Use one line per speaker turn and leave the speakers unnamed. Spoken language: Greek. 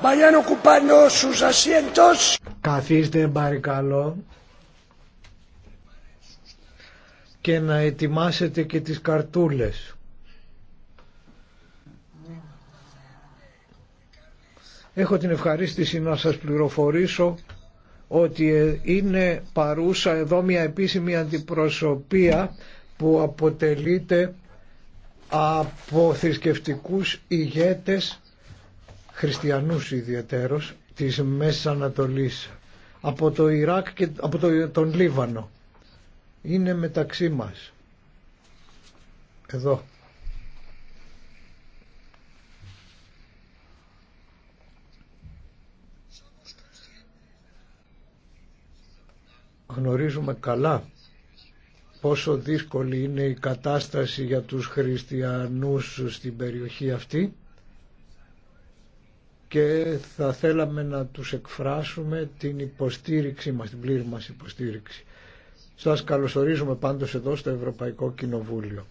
Vayan ocupando
Καθίστε παρακαλώ και να ετοιμάσετε και τις καρτούλες. Έχω την ευχαρίστηση να σας πληροφορήσω ότι ε, είναι παρούσα εδώ μια επίσημη αντιπροσωπεία που αποτελείται από θρησκευτικού ηγέτες χριστιανούς ιδιαιτέρως της Μέσης Ανατολής από το Ιράκ και από τον Λίβανο είναι μεταξύ μας εδώ γνωρίζουμε καλά πόσο δύσκολη είναι η κατάσταση για τους χριστιανούς στην περιοχή αυτή και θα θέλαμε να τους εκφράσουμε την υποστήριξή μας, την
πλήρη μας υποστήριξη. Σας καλωσορίζουμε πάντως εδώ στο Ευρωπαϊκό Κοινοβούλιο.